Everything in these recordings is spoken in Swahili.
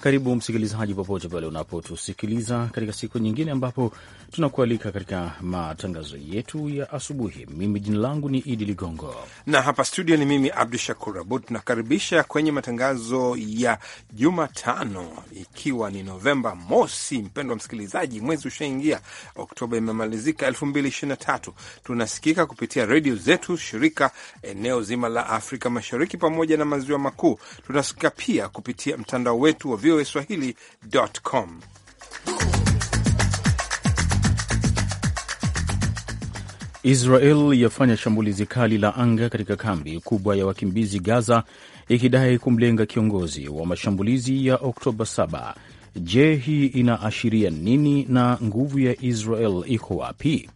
Karibu msikilizaji, popote pale unapotusikiliza katika siku nyingine ambapo tunakualika katika matangazo yetu ya asubuhi. Mimi jina langu ni Idi Ligongo na hapa studio ni mimi Abdu Shakur Abud. Tunakaribisha kwenye matangazo ya Jumatano, ikiwa ni Novemba mosi. Mpendwa msikilizaji, mwezi ushaingia, Oktoba imemalizika tatu. Tunasikika kupitia redio zetu shirika eneo zima la Afrika Mashariki pamoja na maziwa makuu. Tunasikika pia kupitia mtandao wetu wa VOA Swahili.com. Israel yafanya shambulizi kali la anga katika kambi kubwa ya wakimbizi Gaza, ikidai kumlenga kiongozi wa mashambulizi ya Oktoba 7. Je, hii inaashiria nini na nguvu ya Israel iko wapi?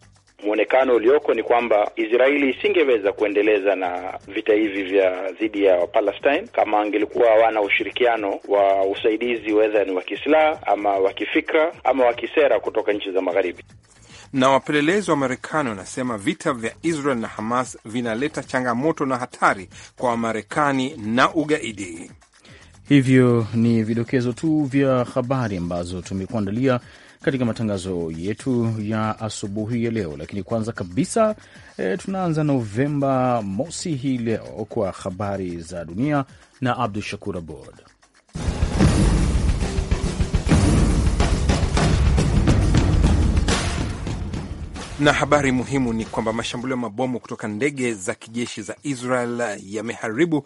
mwonekano ulioko ni kwamba Israeli isingeweza kuendeleza na vita hivi vya dhidi ya Palestine kama angelikuwa hawana ushirikiano wa usaidizi, wedha ni wa kisilaha ama wa kifikra ama wa kisera kutoka nchi za Magharibi. Na wapelelezi wa Marekani wanasema vita vya Israel na Hamas vinaleta changamoto na hatari kwa Wamarekani na ugaidi. Hivyo ni vidokezo tu vya habari ambazo tumekuandalia katika matangazo yetu ya asubuhi ya leo. Lakini kwanza kabisa e, tunaanza Novemba mosi hii leo kwa habari za dunia na Abdu Shakur Abord. Na habari muhimu ni kwamba mashambulio ya mabomu kutoka ndege za kijeshi za Israel yameharibu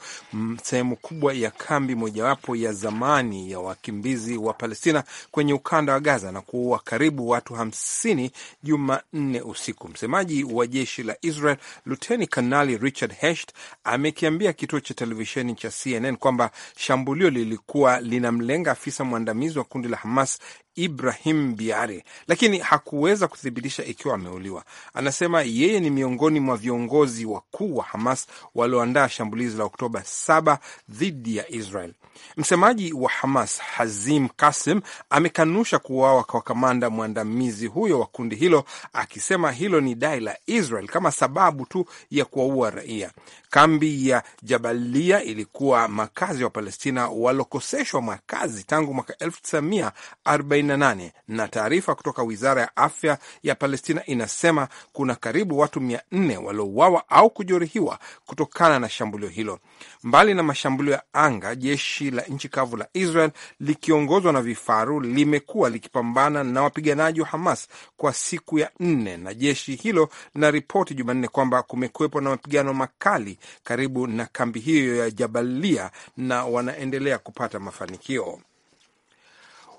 sehemu kubwa ya kambi mojawapo ya zamani ya wakimbizi wa Palestina kwenye ukanda wa Gaza na kuua karibu watu hamsini Jumanne usiku. Msemaji wa jeshi la Israel Luteni Kanali Richard Hesht amekiambia kituo cha televisheni cha CNN kwamba shambulio lilikuwa linamlenga afisa mwandamizi wa kundi la Hamas Ibrahim Biari, lakini hakuweza kuthibitisha ikiwa ameuliwa. Anasema yeye ni miongoni mwa viongozi wakuu wa Hamas walioandaa shambulizi la Oktoba 7 dhidi ya Israel. Msemaji wa Hamas Hazim Kasim amekanusha kuuawa kwa kamanda mwandamizi huyo wa kundi hilo, akisema hilo ni dai la Israel kama sababu tu ya kuwaua raia. Kambi ya Jabalia ilikuwa makazi ya Wapalestina walokoseshwa makazi tangu mwaka 1948 na taarifa kutoka wizara ya afya ya Palestina inasema kuna karibu watu 400 waliouawa au kujeruhiwa kutokana na shambulio hilo. Mbali na mashambulio ya anga, jeshi jeshi la nchi kavu la Israel likiongozwa na vifaru limekuwa likipambana na wapiganaji wa Hamas kwa siku ya nne, na jeshi hilo linaripoti Jumanne kwamba kumekuwepo na mapigano makali karibu na kambi hiyo ya Jabalia na wanaendelea kupata mafanikio.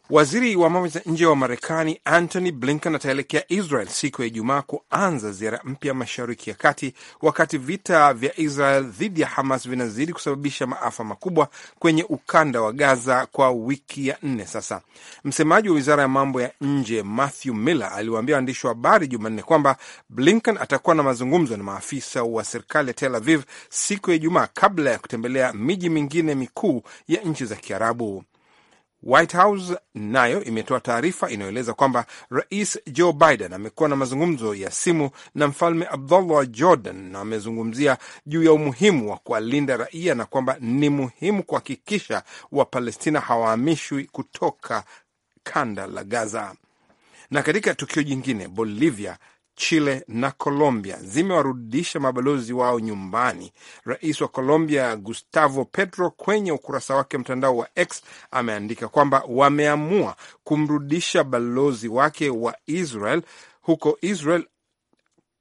Waziri wa mambo ya nje wa Marekani Antony Blinken ataelekea Israel siku ya Ijumaa kuanza ziara mpya Mashariki ya Kati, wakati vita vya Israel dhidi ya Hamas vinazidi kusababisha maafa makubwa kwenye ukanda wa Gaza kwa wiki ya nne sasa. Msemaji wa wizara ya mambo ya nje Matthew Miller aliwaambia waandishi wa habari Jumanne kwamba Blinken atakuwa na mazungumzo na maafisa wa serikali ya Tel Aviv siku ya Ijumaa kabla ya kutembelea miji mingine mikuu ya nchi za Kiarabu. White House nayo imetoa taarifa inayoeleza kwamba Rais Joe Biden amekuwa na mazungumzo ya simu na Mfalme Abdullah wa Jordan na amezungumzia juu ya umuhimu wa kuwalinda raia na kwamba ni muhimu kuhakikisha Wapalestina hawahamishwi kutoka kanda la Gaza. Na katika tukio jingine, Bolivia Chile na Colombia zimewarudisha mabalozi wao nyumbani. Rais wa Colombia Gustavo Petro kwenye ukurasa wake mtandao wa X ameandika kwamba wameamua kumrudisha balozi wake wa Israel huko Israel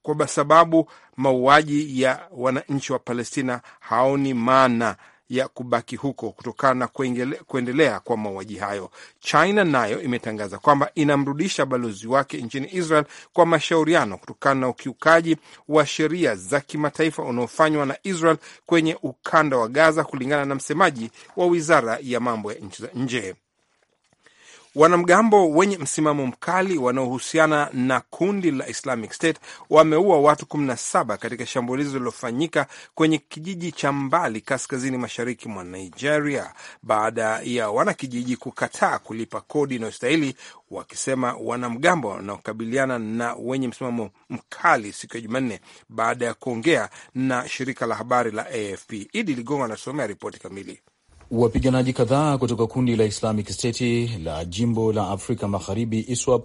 kwa sababu mauaji ya wananchi wa Palestina haoni maana ya kubaki huko kutokana na kuendelea kwa mauaji hayo. China nayo imetangaza kwamba inamrudisha balozi wake nchini Israel kwa mashauriano kutokana na ukiukaji wa sheria za kimataifa unaofanywa na Israel kwenye ukanda wa Gaza, kulingana na msemaji wa wizara ya mambo ya nchi za nje. Wanamgambo wenye msimamo mkali wanaohusiana na kundi la Islamic State wameua watu 17 katika shambulizi lililofanyika kwenye kijiji cha mbali kaskazini mashariki mwa Nigeria baada ya wanakijiji kukataa kulipa kodi inayostahili, wakisema wanamgambo wanaokabiliana na wenye msimamo mkali siku ya Jumanne baada ya kuongea na shirika la habari la AFP. Idi Ligongo anasomea ripoti kamili. Wapiganaji kadhaa kutoka kundi la Islamic State la jimbo la Afrika Magharibi ISWAP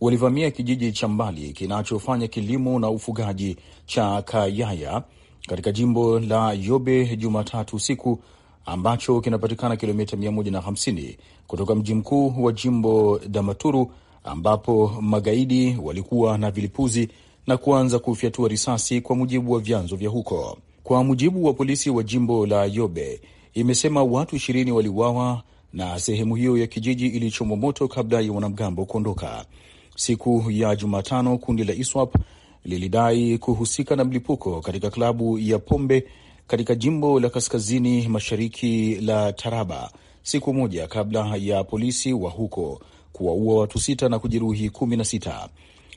walivamia kijiji cha mbali kinachofanya kilimo na ufugaji cha Kayaya katika jimbo la Yobe Jumatatu usiku ambacho kinapatikana kilomita 150 kutoka mji mkuu wa jimbo Damaturu, ambapo magaidi walikuwa na vilipuzi na kuanza kufyatua risasi, kwa mujibu wa vyanzo vya huko. Kwa mujibu wa polisi wa jimbo la Yobe, imesema watu ishirini waliuawa na sehemu hiyo ya kijiji ilichomwa moto kabla ya wanamgambo kuondoka. Siku ya Jumatano, kundi la ISWAP lilidai kuhusika na mlipuko katika klabu ya pombe katika jimbo la kaskazini mashariki la Taraba siku moja kabla ya polisi wa huko kuwaua watu sita na kujeruhi kumi na sita.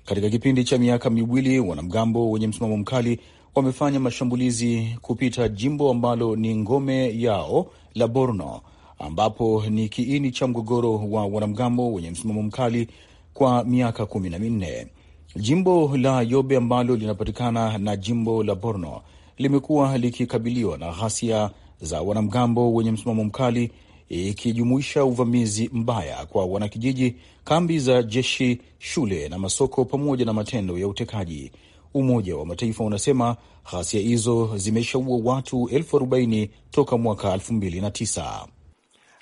Katika kipindi cha miaka miwili, wanamgambo wenye msimamo mkali wamefanya mashambulizi kupita jimbo ambalo ni ngome yao la Borno, ambapo ni kiini cha mgogoro wa wanamgambo wenye msimamo mkali kwa miaka kumi na minne. Jimbo la Yobe ambalo linapatikana na jimbo la Borno limekuwa likikabiliwa na ghasia za wanamgambo wenye msimamo mkali ikijumuisha uvamizi mbaya kwa wanakijiji, kambi za jeshi, shule na masoko, pamoja na matendo ya utekaji. Umoja wa Mataifa unasema ghasia hizo zimeshaua watu elfu arobaini toka mwaka elfu mbili na tisa.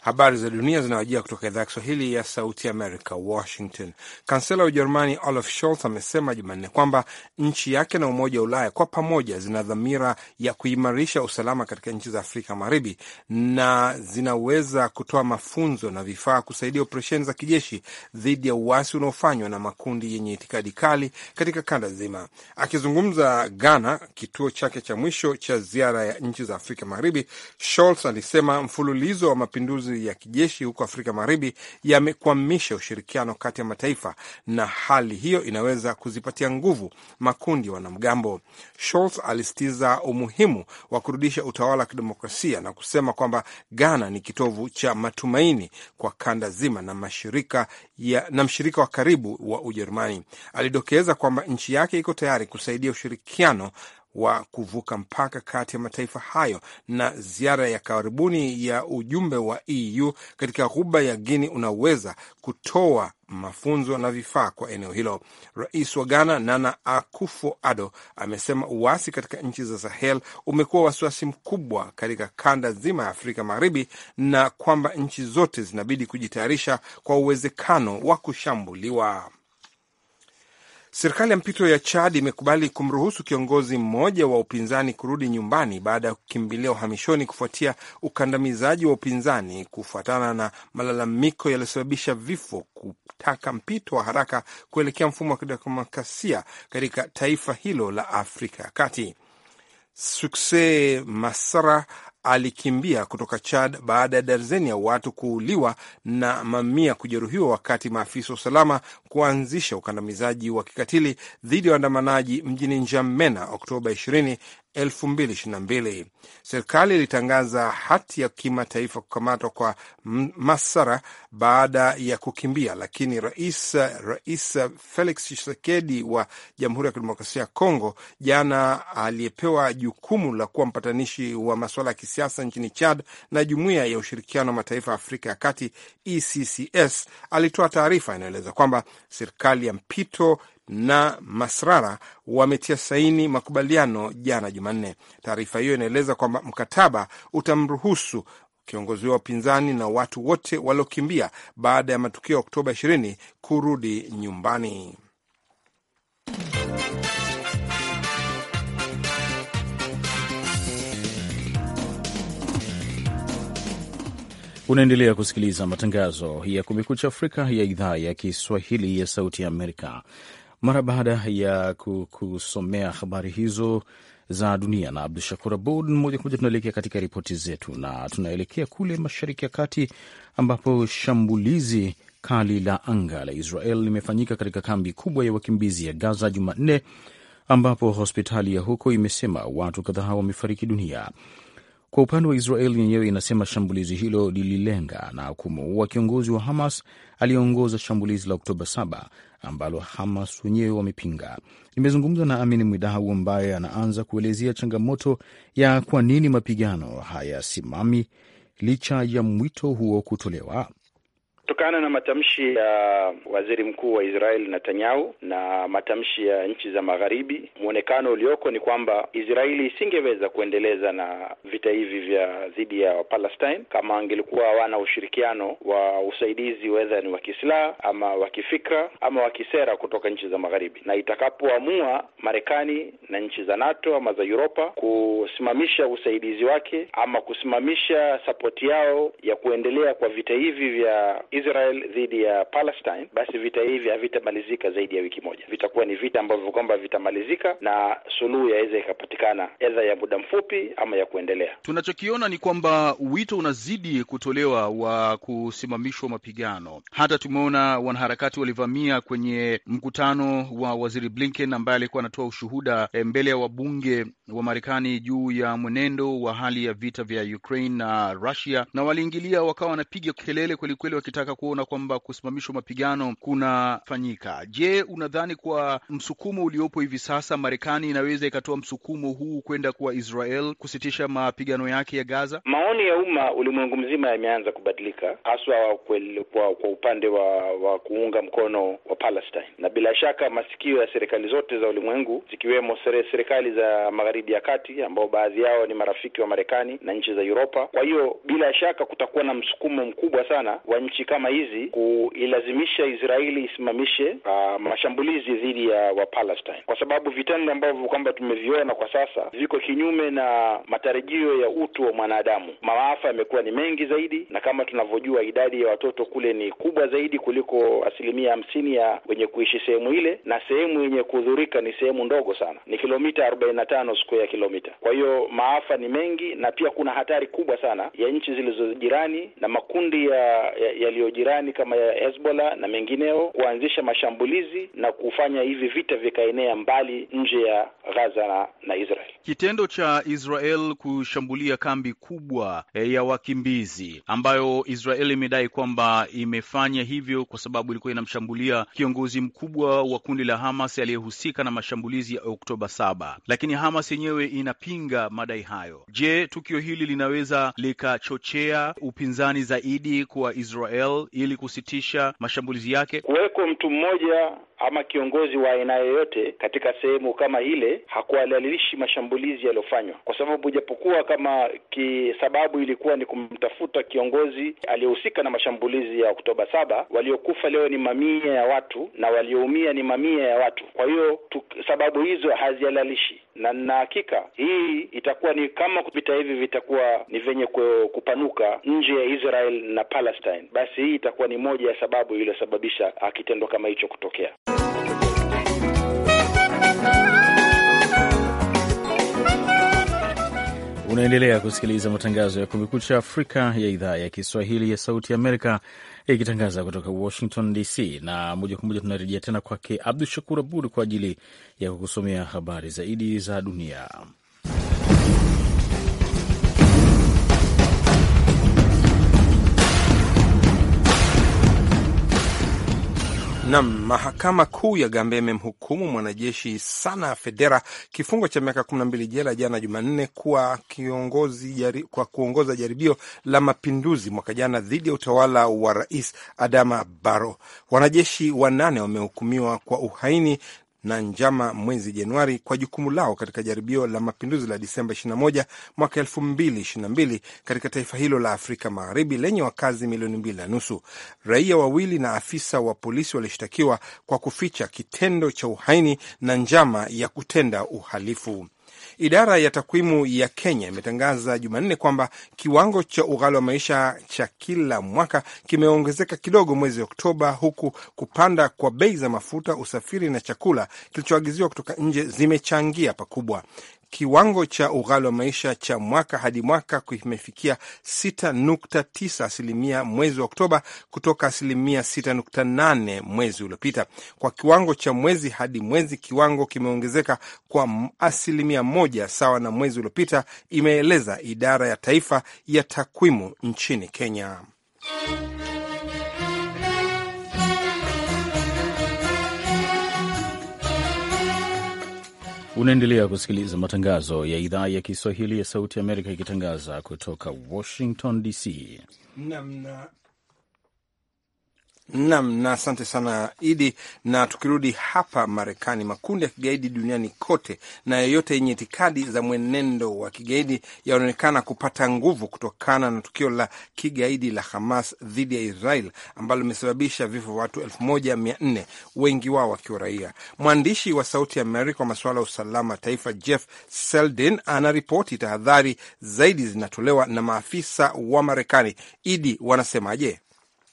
Habari za dunia zinawajia kutoka idhaa ya Kiswahili ya Sauti Amerika, Washington. Kansela wa Ujerumani Olaf Scholz amesema Jumanne kwamba nchi yake na Umoja wa Ulaya kwa pamoja zina dhamira ya kuimarisha usalama katika nchi za Afrika Magharibi na zinaweza kutoa mafunzo na vifaa kusaidia operesheni za kijeshi dhidi ya uasi unaofanywa na makundi yenye itikadi kali katika kanda zima. Akizungumza Ghana, kituo chake cha mwisho cha ziara ya nchi za Afrika Magharibi, Scholz alisema mfululizo wa mapinduzi ya kijeshi huko Afrika Magharibi yamekwamisha ushirikiano kati ya mataifa, na hali hiyo inaweza kuzipatia nguvu makundi ya wanamgambo. Scholz alisitiza umuhimu wa kurudisha utawala wa kidemokrasia na kusema kwamba Ghana ni kitovu cha matumaini kwa kanda zima na mashirika ya, na mshirika wa karibu wa Ujerumani. Alidokeza kwamba nchi yake iko tayari kusaidia ushirikiano wa kuvuka mpaka kati ya mataifa hayo na ziara ya karibuni ya ujumbe wa EU katika ghuba ya Guinea unaweza kutoa mafunzo na vifaa kwa eneo hilo. Rais wa Ghana Nana Akufo-Addo amesema uasi katika nchi za Sahel umekuwa wasiwasi mkubwa katika kanda zima ya Afrika Magharibi na kwamba nchi zote zinabidi kujitayarisha kwa uwezekano wa kushambuliwa. Serikali ya mpito ya Chad imekubali kumruhusu kiongozi mmoja wa upinzani kurudi nyumbani baada ya kukimbilia uhamishoni kufuatia ukandamizaji wa upinzani kufuatana na malalamiko yaliyosababisha vifo, kutaka mpito wa haraka kuelekea mfumo wa kidemokrasia katika taifa hilo la Afrika ya Kati. Sukse Masara alikimbia kutoka Chad baada ya darzeni ya watu kuuliwa na mamia kujeruhiwa wakati maafisa wa usalama kuanzisha ukandamizaji wa kikatili dhidi ya waandamanaji mjini Njamena Oktoba 2022. Serikali ilitangaza hati ya kimataifa kukamatwa kwa Masara baada ya kukimbia, lakini rais Rais Felix Tshisekedi wa Jamhuri ya Kidemokrasia ya Kongo jana, aliyepewa jukumu la kuwa mpatanishi wa masuala ya kisiasa nchini Chad na Jumuiya ya Ushirikiano wa Mataifa ya Afrika ya Kati ECCS, alitoa taarifa inayoeleza kwamba serikali ya mpito na Masrara wametia saini makubaliano jana Jumanne. Taarifa hiyo inaeleza kwamba mkataba utamruhusu kiongozi wa upinzani na watu wote waliokimbia baada ya matukio ya Oktoba 20 kurudi nyumbani. Unaendelea kusikiliza matangazo ya Kumekucha Afrika ya idhaa ya Kiswahili ya Sauti ya Amerika mara baada ya kusomea habari hizo za dunia na Abdu Shakur Abud. Moja kwa moja tunaelekea katika ripoti zetu na tunaelekea kule Mashariki ya Kati ambapo shambulizi kali la anga la Israel limefanyika katika kambi kubwa ya wakimbizi ya Gaza Jumanne, ambapo hospitali ya huko imesema watu kadhaa wamefariki dunia. Kwa upande wa Israel yenyewe inasema shambulizi hilo lililenga na kumuua kiongozi wa Hamas aliyeongoza shambulizi la Oktoba 7 ambalo Hamas wenyewe wamepinga. Nimezungumza na Amin Mwidau ambaye anaanza kuelezea changamoto ya kwa nini mapigano hayasimami licha ya mwito huo kutolewa kutokana na matamshi ya waziri mkuu wa Israel Netanyahu na matamshi ya nchi za magharibi, mwonekano ulioko ni kwamba Israeli isingeweza kuendeleza na vita hivi vya dhidi ya Palestine kama angelikuwa hawana ushirikiano wa usaidizi, wedha ni wa kisilaha ama wa kifikra ama wa kisera kutoka nchi za magharibi, na itakapoamua Marekani na nchi za NATO ama za Uropa kusimamisha usaidizi wake ama kusimamisha sapoti yao ya kuendelea kwa vita hivi vya Israel dhidi ya Palestine, basi vita hivi havitamalizika zaidi ya wiki moja. Vitakuwa ni vita ambavyo kwamba vitamalizika na suluhu yaweza ikapatikana, edha ya muda mfupi ama ya kuendelea. Tunachokiona ni kwamba wito unazidi kutolewa wa kusimamishwa mapigano. Hata tumeona wanaharakati walivamia kwenye mkutano wa waziri Blinken ambaye alikuwa anatoa ushuhuda eh, mbele ya wabunge wa Marekani juu ya mwenendo wa hali ya vita vya Ukraine na Russia, na waliingilia wakawa wanapiga kelele kwelikweli wakitaka wanataka kuona kwamba kusimamishwa mapigano kunafanyika. Je, unadhani kwa msukumo uliopo hivi sasa Marekani inaweza ikatoa msukumo huu kwenda kwa Israel kusitisha mapigano yake ya Gaza? Maoni ya umma ulimwengu mzima yameanza kubadilika, haswa kwa, kwa upande wa, wa kuunga mkono wa Palestine, na bila shaka masikio ya serikali zote za ulimwengu zikiwemo serikali za magharibi ya kati ambao baadhi yao ni marafiki wa Marekani na nchi za Uropa. Kwa hiyo bila shaka kutakuwa na msukumo mkubwa sana wa nchi kama hizi kuilazimisha Israeli isimamishe uh, mashambulizi dhidi ya Wapalestine, kwa sababu vitendo ambavyo kwamba tumeviona kwa sasa viko kinyume na matarajio ya utu wa mwanadamu. Maafa yamekuwa ni mengi zaidi, na kama tunavyojua idadi ya watoto kule ni kubwa zaidi kuliko asilimia hamsini ya wenye kuishi sehemu ile, na sehemu yenye kudhurika ni sehemu ndogo sana, ni kilomita arobaini na tano square kilomita. Kwa hiyo maafa ni mengi, na pia kuna hatari kubwa sana ya nchi zilizo jirani na makundi ya, ya maeneo jirani kama ya Hezbollah na mengineo kuanzisha mashambulizi na kufanya hivi vita vikaenea mbali nje ya Gaza na, na Israel. Kitendo cha Israel kushambulia kambi kubwa eh, ya wakimbizi ambayo Israel imedai kwamba imefanya hivyo kwa sababu ilikuwa inamshambulia kiongozi mkubwa wa kundi la Hamas aliyehusika na mashambulizi ya Oktoba saba, lakini Hamas yenyewe inapinga madai hayo. Je, tukio hili linaweza likachochea upinzani zaidi kwa Israel Israel ili kusitisha mashambulizi yake. Kuweko mtu mmoja ama kiongozi wa aina yoyote katika sehemu kama ile hakuhalalishi mashambulizi yaliyofanywa, kwa sababu japokuwa kama kisababu ilikuwa ni kumtafuta kiongozi aliyehusika na mashambulizi ya Oktoba saba, waliokufa leo ni mamia ya watu na walioumia ni mamia ya watu. Kwa hiyo sababu hizo hazihalalishi, na nina hakika hii itakuwa ni kama vita hivi vitakuwa ni vyenye kupanuka nje ya Israel na Palestine, basi hii itakuwa ni moja ya sababu iliyosababisha ah, kitendo kama hicho kutokea. Unaendelea kusikiliza matangazo ya Kumekucha Afrika ya idhaa ya Kiswahili ya Sauti Amerika ikitangaza kutoka Washington DC, na moja kwa moja tunarejea tena kwake Abdu Shakur Abud kwa ajili ya kukusomea habari zaidi za dunia. Nam, mahakama kuu ya Gambia imemhukumu mwanajeshi Sana Federa kifungo cha miaka kumi na mbili jela jana Jumanne kwa kiongozi jari, kwa kuongoza jaribio la mapinduzi mwaka jana dhidi ya utawala wa Rais Adama Barrow. Wanajeshi wanane wamehukumiwa kwa uhaini na njama mwezi Januari kwa jukumu lao katika jaribio la mapinduzi la Disemba 21 mwaka 2022 katika taifa hilo la Afrika Magharibi lenye wakazi milioni mbili na nusu. Raia wawili na afisa wa polisi walishtakiwa kwa kuficha kitendo cha uhaini na njama ya kutenda uhalifu. Idara ya takwimu ya Kenya imetangaza Jumanne kwamba kiwango cha ughali wa maisha cha kila mwaka kimeongezeka kidogo mwezi Oktoba, huku kupanda kwa bei za mafuta, usafiri na chakula kilichoagiziwa kutoka nje zimechangia pakubwa kiwango cha ughali wa maisha cha mwaka hadi mwaka kimefikia 6.9 asilimia mwezi wa Oktoba kutoka asilimia 6.8 mwezi uliopita. Kwa kiwango cha mwezi hadi mwezi, kiwango kimeongezeka kwa asilimia moja sawa na mwezi uliopita, imeeleza idara ya taifa ya takwimu nchini Kenya. Unaendelea kusikiliza matangazo ya idhaa ya Kiswahili ya Sauti ya Amerika ikitangaza kutoka Washington DC. Namna Nam na asante sana Idi. Na tukirudi hapa Marekani, makundi ya kigaidi duniani kote na yoyote yenye itikadi za mwenendo wa kigaidi yanaonekana kupata nguvu kutokana na tukio la kigaidi la Hamas dhidi ya Israel ambalo limesababisha vifo vya watu elfu moja mia nne wengi wao wakiwa raia. Mwandishi wa Sauti ya Amerika wa masuala ya usalama taifa Jeff Seldin anaripoti tahadhari zaidi zinatolewa na maafisa wa Marekani. Idi, wanasemaje?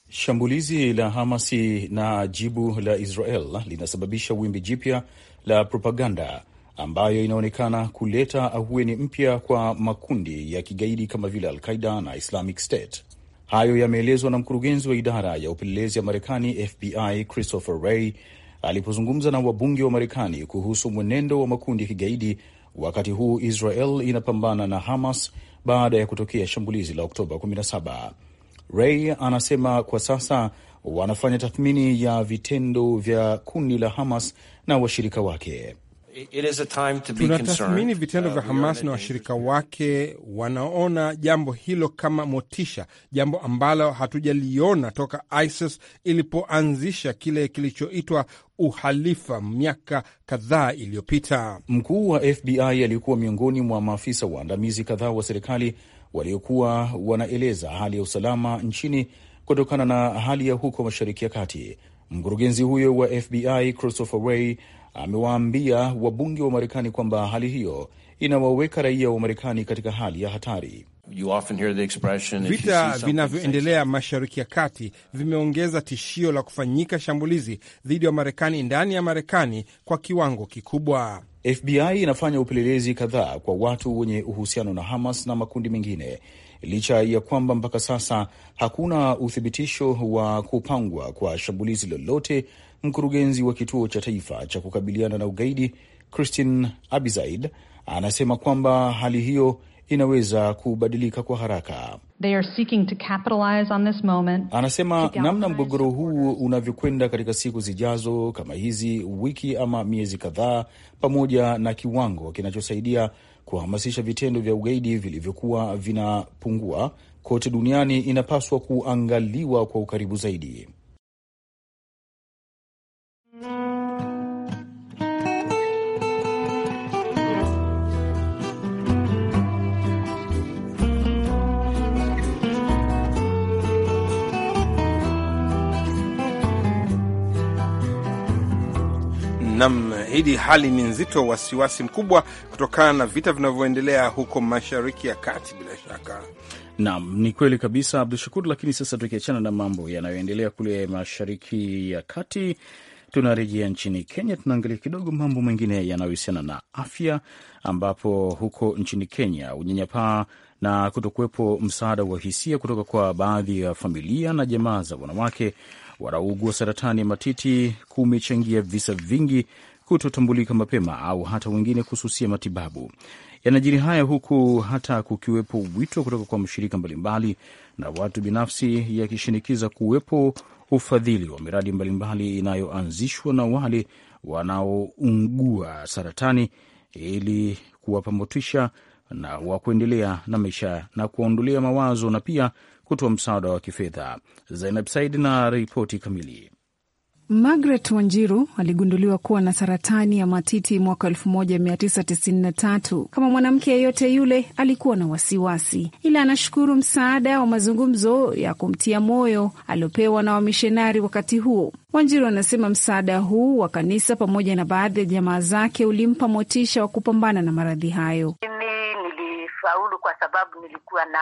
Shambulizi la Hamasi na jibu la Israel linasababisha wimbi jipya la propaganda ambayo inaonekana kuleta ahueni mpya kwa makundi ya kigaidi kama vile Al-Qaida na Islamic State. Hayo yameelezwa na mkurugenzi wa idara ya upelelezi ya Marekani FBI Christopher Wray alipozungumza na wabunge wa Marekani kuhusu mwenendo wa makundi ya kigaidi wakati huu Israel inapambana na Hamas baada ya kutokea shambulizi la Oktoba 17. Ray anasema kwa sasa wanafanya tathmini ya vitendo vya kundi la Hamas na washirika wake. Tunatathmini vitendo vya uh, Hamas na washirika wake. Wanaona jambo hilo kama motisha, jambo ambalo hatujaliona toka ISIS ilipoanzisha kile kilichoitwa uhalifa miaka kadhaa iliyopita. Mkuu wa FBI aliyekuwa miongoni mwa maafisa waandamizi kadhaa wa serikali waliokuwa wanaeleza hali ya usalama nchini kutokana na hali ya huko Mashariki ya Kati. Mkurugenzi huyo wa FBI Christopher Wray amewaambia wabunge wa Marekani kwamba hali hiyo inawaweka raia wa Marekani katika hali ya hatari. Vita vinavyoendelea Mashariki ya Kati vimeongeza tishio la kufanyika shambulizi dhidi ya marekani ndani ya Marekani kwa kiwango kikubwa. FBI inafanya upelelezi kadhaa kwa watu wenye uhusiano na Hamas na makundi mengine, licha ya kwamba mpaka sasa hakuna uthibitisho wa kupangwa kwa shambulizi lolote. Mkurugenzi wa kituo cha taifa cha kukabiliana na ugaidi Christine Abizaid anasema kwamba hali hiyo inaweza kubadilika kwa haraka. They are seeking to capitalize on this moment. Anasema namna mgogoro huu unavyokwenda katika siku zijazo kama hizi wiki ama miezi kadhaa, pamoja na kiwango kinachosaidia kuhamasisha vitendo vya ugaidi vilivyokuwa vinapungua kote duniani, inapaswa kuangaliwa kwa ukaribu zaidi. Nam, hili hali ni nzito, wasiwasi mkubwa kutokana na vita vinavyoendelea huko mashariki ya kati. Bila shaka, nam, ni kweli kabisa Abdu Shakur. Lakini sasa tukiachana na mambo yanayoendelea kule mashariki ya kati, tunarejea nchini Kenya, tunaangalia kidogo mambo mengine yanayohusiana na afya, ambapo huko nchini Kenya unyanyapaa na kutokuwepo msaada wa hisia kutoka kwa baadhi ya familia na jamaa za wanawake wanaougua saratani ya matiti kumechangia visa vingi kutotambulika mapema au hata wengine kususia matibabu. Yanajiri haya huku hata kukiwepo wito kutoka kwa mashirika mbalimbali na watu binafsi yakishinikiza kuwepo ufadhili wa miradi mbalimbali inayoanzishwa na wale wanaougua saratani ili kuwapa motisha na wa kuendelea na maisha na kuwaondolea mawazo na pia kutoa msaada wa kifedha. Zainab Said na ripoti kamili. Margaret Wanjiru aligunduliwa kuwa na saratani ya matiti mwaka 1993. Kama mwanamke yeyote yule, alikuwa na wasiwasi, ila anashukuru msaada wa mazungumzo ya kumtia moyo aliopewa na wamishonari wakati huo. Wanjiru anasema msaada huu wa kanisa pamoja na baadhi ya jamaa zake ulimpa motisha wa kupambana na maradhi hayo. Mimi nilifaulu kwa sababu nilikuwa na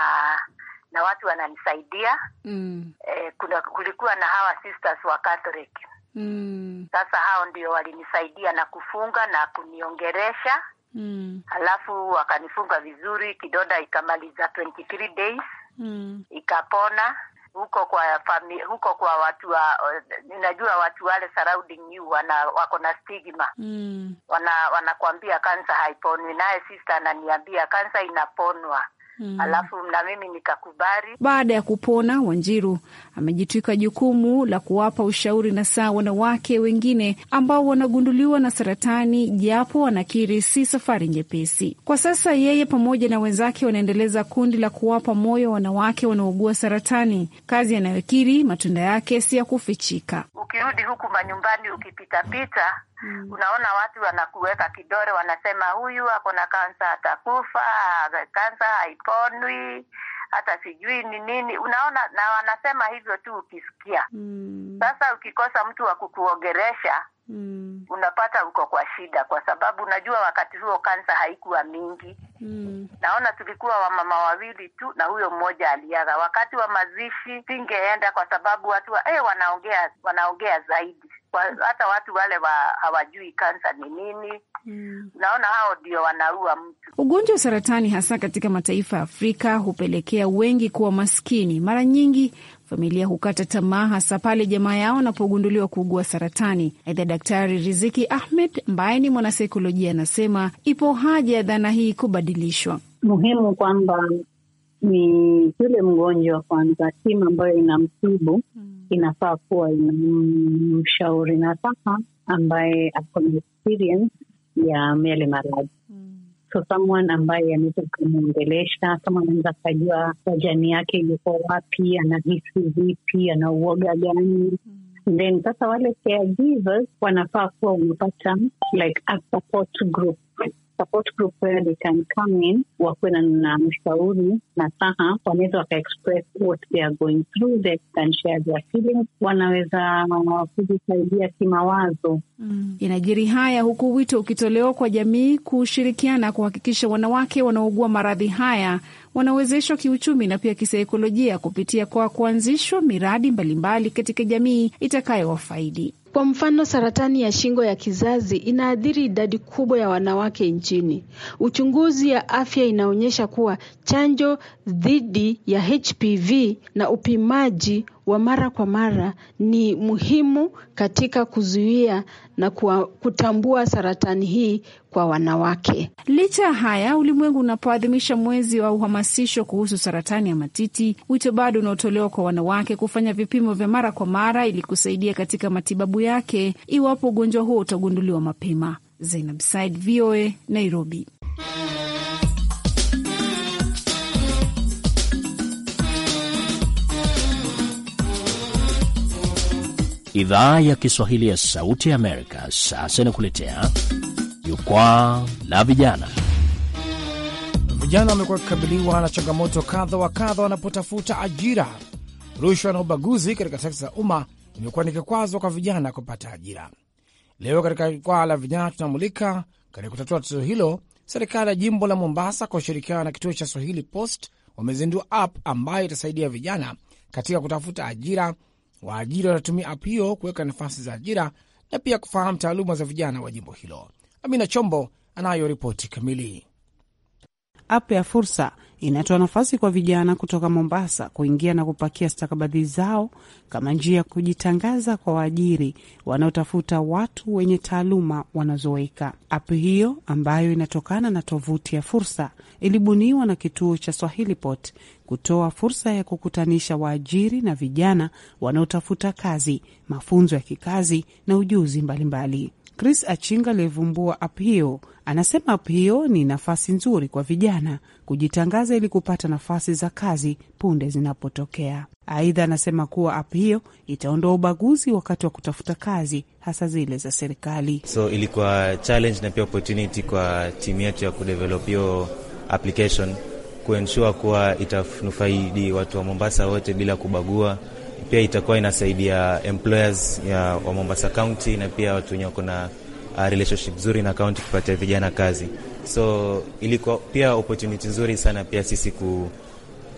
na watu wananisaidia mm. E, kuna kulikuwa na hawa sisters wa Catholic mm. Sasa hao ndio walinisaidia na kufunga na kuniongeresha mm. Alafu wakanifunga vizuri, kidoda ikamaliza 23 days mm. Ikapona huko kwa fami, huko kwa watu wa ninajua watu wale surrounding you wana wako na stigma mm. wana wanakwambia kansa haiponi, naye sister ananiambia kansa inaponwa mm. Alafu na mimi nikakubali. Baada ya kupona, Wanjiru amejitwika jukumu la kuwapa ushauri na saa wanawake wengine ambao wanagunduliwa na saratani, japo anakiri si safari nyepesi. Kwa sasa yeye pamoja na wenzake wanaendeleza kundi la kuwapa moyo wanawake wanaougua saratani, kazi anayokiri matunda yake si ya kufichika. Ukirudi huku manyumbani ukipitapita Mm. Unaona watu wanakuweka kidore wanasema huyu ako na kansa, atakufa, kansa haiponwi, hata sijui ni nini. Unaona, na wanasema hivyo tu ukisikia. Mm. Sasa ukikosa mtu wa kukuogeresha Mm. Unapata uko kwa shida, kwa sababu unajua wakati huo kansa haikuwa mingi. Mm. Naona tulikuwa wamama wawili tu na huyo mmoja aliaga. Wakati wa mazishi singeenda kwa sababu watu wa, eh, wanaongea wanaongea zaidi hata watu wale wa hawajui kansa ni nini. Mm. Naona hao ndio wanaua mtu. Ugonjwa wa saratani hasa katika mataifa ya Afrika hupelekea wengi kuwa maskini. Mara nyingi familia hukata tamaa, hasa pale jamaa yao anapogunduliwa kuugua saratani. Aidha, Daktari Riziki Ahmed ambaye ni mwanasaikolojia anasema ipo haja ya dhana hii kubadilishwa. Muhimu kwamba ni yule mgonjwa kwanza, timu ambayo inamtibu mm inafaa kuwa mshauri na saha ambaye ako na experience ya mele maradhi mm. so someone ambaye anaweza ukamwongelesha kama anaweza akajua wajani yake yuko wapi anahisi vipi anauoga gani mm. then sasa wale wanafaa kuwa wamepata like a support group support group where eh, they can come in wakuwe na mshauri na saha, wanaweza waka express what they are going through, they can share their feelings, wanaweza kujisaidia kimawazo. Mm. Inajiri haya huku wito ukitolewa kwa jamii kushirikiana kuhakikisha wanawake wanaougua maradhi haya wanawezeshwa kiuchumi na pia kisaikolojia kupitia kwa kuanzishwa miradi mbalimbali katika jamii itakayowafaidi. Kwa mfano, saratani ya shingo ya kizazi inaathiri idadi kubwa ya wanawake nchini. Uchunguzi ya afya inaonyesha kuwa chanjo dhidi ya HPV na upimaji wa mara kwa mara ni muhimu katika kuzuia na kutambua saratani hii kwa wanawake. Licha ya haya, ulimwengu unapoadhimisha mwezi wa uhamasisho kuhusu saratani ya matiti, wito bado unaotolewa kwa wanawake kufanya vipimo vya mara kwa mara ili kusaidia katika matibabu yake iwapo ugonjwa huo utagunduliwa mapema. Zainab Said, VOA, Nairobi. Idhaa ya Kiswahili ya Sauti ya Amerika sasa inakuletea Jukwaa la Vijana. Vijana wamekuwa wakikabiliwa na changamoto kadha wa kadha wanapotafuta ajira. Rushwa na ubaguzi katika sekta za umma imekuwa ni kikwazo kwa vijana kupata ajira. Leo katika jukwaa la vijana tunamulika katika kutatua tatizo hilo, serikali ya jimbo la Mombasa kwa ushirikiano na kituo cha Swahili Post wamezindua app ambayo itasaidia vijana katika kutafuta ajira. Waajiri watatumia app hiyo kuweka nafasi za ajira na pia kufahamu taaluma za vijana wa jimbo hilo. Amina Chombo anayo ripoti kamili. App ya Fursa inatoa nafasi kwa vijana kutoka Mombasa kuingia na kupakia stakabadhi zao kama njia ya kujitangaza kwa waajiri wanaotafuta watu wenye taaluma wanazoweka. App hiyo ambayo inatokana na tovuti ya Fursa ilibuniwa na kituo cha Swahilipot kutoa fursa ya kukutanisha waajiri na vijana wanaotafuta kazi, mafunzo ya kikazi na ujuzi mbalimbali mbali. Chris Achinga aliyevumbua app hiyo anasema app hiyo ni nafasi nzuri kwa vijana kujitangaza ili kupata nafasi za kazi punde zinapotokea. Aidha, anasema kuwa app hiyo itaondoa ubaguzi wakati wa kutafuta kazi, hasa zile za serikali. So ilikuwa challenge na pia opportunity kwa timu yetu ya kudevelop hiyo application kuensure kuwa itanufaidi watu wa Mombasa wote bila kubagua pia itakuwa inasaidia employers ya wa Mombasa County na pia watu wenye wako na uh, relationship nzuri na county kupatia vijana kazi. So ilikuwa pia opportunity nzuri sana pia sisi ku,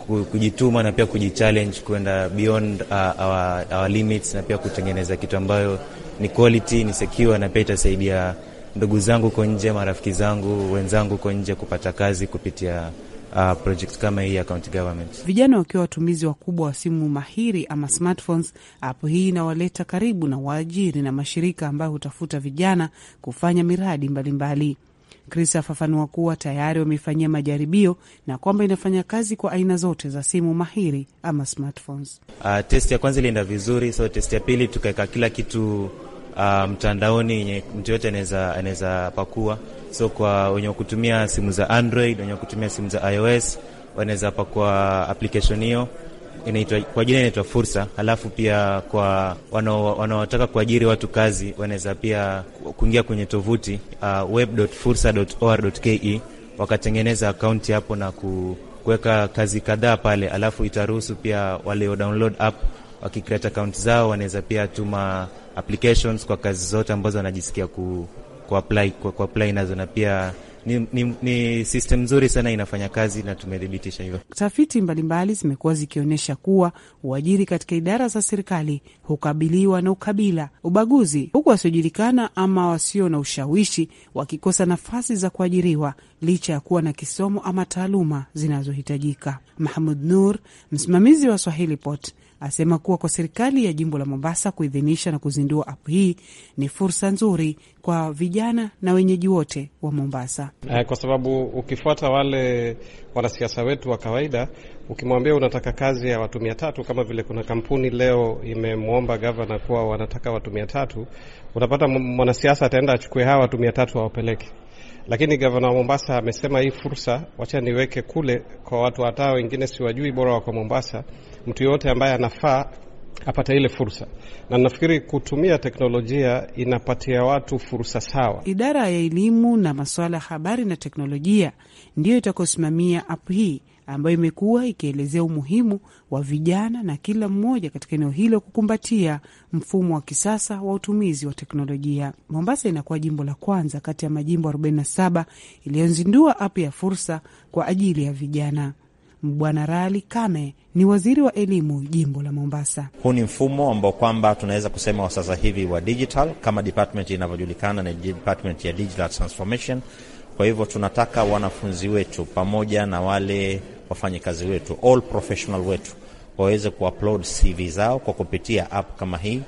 ku, kujituma na pia kujichallenge kwenda beyond uh, our, our limits na pia kutengeneza kitu ambayo ni quality, ni secure na pia itasaidia ndugu zangu uko nje, marafiki zangu, wenzangu uko nje kupata kazi kupitia uh, kama hii ya county government. Vijana wakiwa watumizi wakubwa wa simu mahiri ama smartphones, app hii inawaleta karibu na waajiri na mashirika ambayo hutafuta vijana kufanya miradi mbalimbali. Chris afafanua kuwa tayari wamefanyia majaribio na kwamba inafanya kazi kwa aina zote za simu mahiri ama smartphones. Uh, test ya kwanza ilienda vizuri, so test ya pili tukaweka kila kitu uh, mtandaoni yenye mtu yote anaweza pakua. So kwa wenye kutumia simu za Android, wenye kutumia simu za iOS wanaweza pakua application hiyo inaitwa kwa jina inaitwa Fursa. Alafu pia kwa wanaotaka kuajiri watu kazi wanaweza pia kuingia kwenye tovuti uh, ah, web.fursa.or.ke wakatengeneza akaunti hapo na kuweka kazi kadhaa pale, alafu itaruhusu pia walio download app wakicreate account zao wanaweza pia tuma applications kwa kazi zote ambazo wanajisikia ku, ku apply, ku, ku apply nazo na pia ni, ni, ni system nzuri sana inafanya kazi na tumethibitisha hivyo. Tafiti mbalimbali zimekuwa zikionyesha kuwa uajiri katika idara za serikali hukabiliwa na ukabila, ubaguzi, huku wasiojulikana ama wasio na ushawishi wakikosa nafasi za kuajiriwa licha ya kuwa na kisomo ama taaluma zinazohitajika. Mahmud Nur, msimamizi wa Swahili Pot, asema kuwa kwa serikali ya jimbo la Mombasa kuidhinisha na kuzindua ap hii ni fursa nzuri kwa vijana na wenyeji wote wa Mombasa, eh, kwa sababu ukifuata wale wanasiasa wetu wa kawaida, ukimwambia unataka kazi ya watu mia tatu, kama vile kuna kampuni leo imemwomba gavana kuwa wanataka watu mia tatu, utapata mwanasiasa ataenda achukue hawa watu mia tatu awapeleke lakini gavana wa Mombasa amesema hii fursa, wacha niweke kule kwa watu hata wengine siwajui, bora wako Mombasa, mtu yoyote ambaye anafaa apate ile fursa, na nafikiri kutumia teknolojia inapatia watu fursa sawa. Idara ya elimu na masuala ya habari na teknolojia ndiyo itakayosimamia app hii ambayo imekuwa ikielezea umuhimu wa vijana na kila mmoja katika eneo hilo kukumbatia mfumo wa kisasa wa utumizi wa teknolojia. Mombasa inakuwa jimbo la kwanza kati ya majimbo 47 iliyozindua app ya fursa kwa ajili ya vijana. Bwana Rali Kame ni waziri wa elimu jimbo la Mombasa. Huu ni mfumo ambao kwamba tunaweza kusema wa sasa hivi wa digital, kama department inavyojulikana ni department ya digital transformation. Kwa hivyo tunataka wanafunzi wetu pamoja na wale wafanyakazi wetu, all professional wetu waweze kuupload CV zao kwa kupitia app kama hii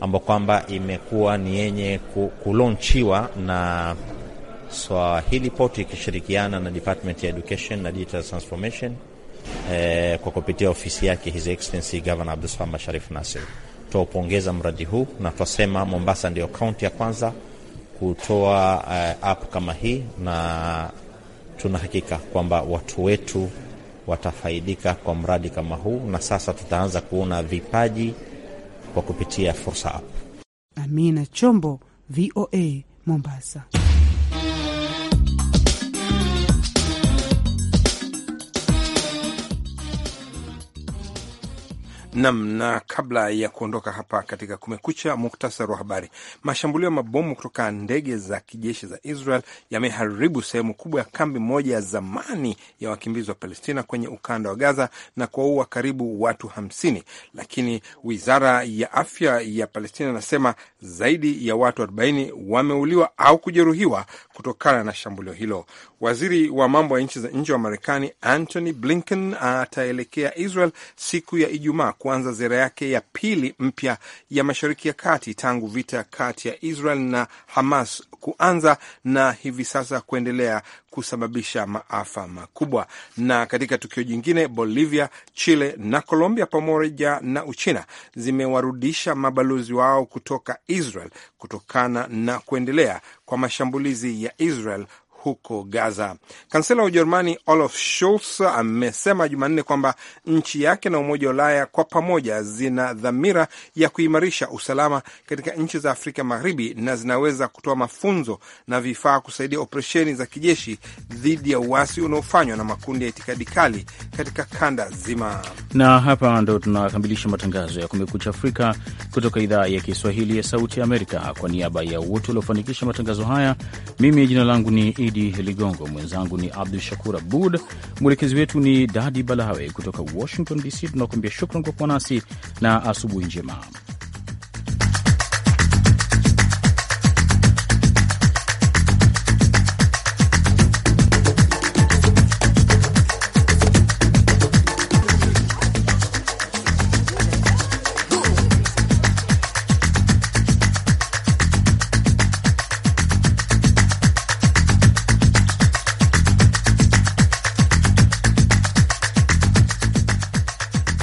ambayo kwamba imekuwa ni yenye kulonchiwa na Swahili Port ikishirikiana na Department ya Education na Digital Transformation eh, kwa kupitia ofisi yake His Excellency Governor Abdul Sharif Nasir. Twaupongeza mradi huu na twasema Mombasa ndio kaunti ya kwanza kutoa eh, app kama hii na tunahakika kwamba watu wetu watafaidika kwa mradi kama huu, na sasa tutaanza kuona vipaji kwa kupitia fursa app. Amina Chombo, VOA Mombasa. Nam, na kabla ya kuondoka hapa katika Kumekucha, muktasari wa habari. Mashambulio ya mabomu kutoka ndege za kijeshi za Israel yameharibu sehemu kubwa ya kambi moja ya zamani ya wakimbizi wa Palestina kwenye ukanda wa Gaza na kuwaua karibu watu hamsini, lakini wizara ya afya ya Palestina inasema zaidi ya watu 40 wameuliwa au kujeruhiwa kutokana na shambulio hilo. Waziri wa mambo ya nchi za nje wa Marekani Antony Blinken ataelekea Israel siku ya Ijumaa kuanza ziara yake ya pili mpya ya Mashariki ya Kati tangu vita kati ya Israel na Hamas kuanza na hivi sasa kuendelea kusababisha maafa makubwa. Na katika tukio jingine, Bolivia, Chile na Colombia pamoja na Uchina zimewarudisha mabalozi wao kutoka Israel kutokana na kuendelea kwa mashambulizi ya Israel huko Gaza. Kansela wa Ujerumani Olaf Scholz amesema Jumanne kwamba nchi yake na Umoja wa Ulaya kwa pamoja zina dhamira ya kuimarisha usalama katika nchi za Afrika Magharibi na zinaweza kutoa mafunzo na vifaa kusaidia operesheni za kijeshi dhidi ya uasi unaofanywa na makundi ya itikadi kali katika kanda zima. Na hapa ndo tunakamilisha matangazo ya Kumekucha Afrika kutoka idhaa ya Kiswahili ya Sauti ya Amerika. Kwa niaba ya wote waliofanikisha matangazo haya, mimi jina langu ni Idi Ligongo, mwenzangu ni Abdu Shakur Abud, mwelekezi wetu ni Dadi Balawe. Kutoka Washington DC tunakuambia shukran kwa kuwa nasi na asubuhi njema.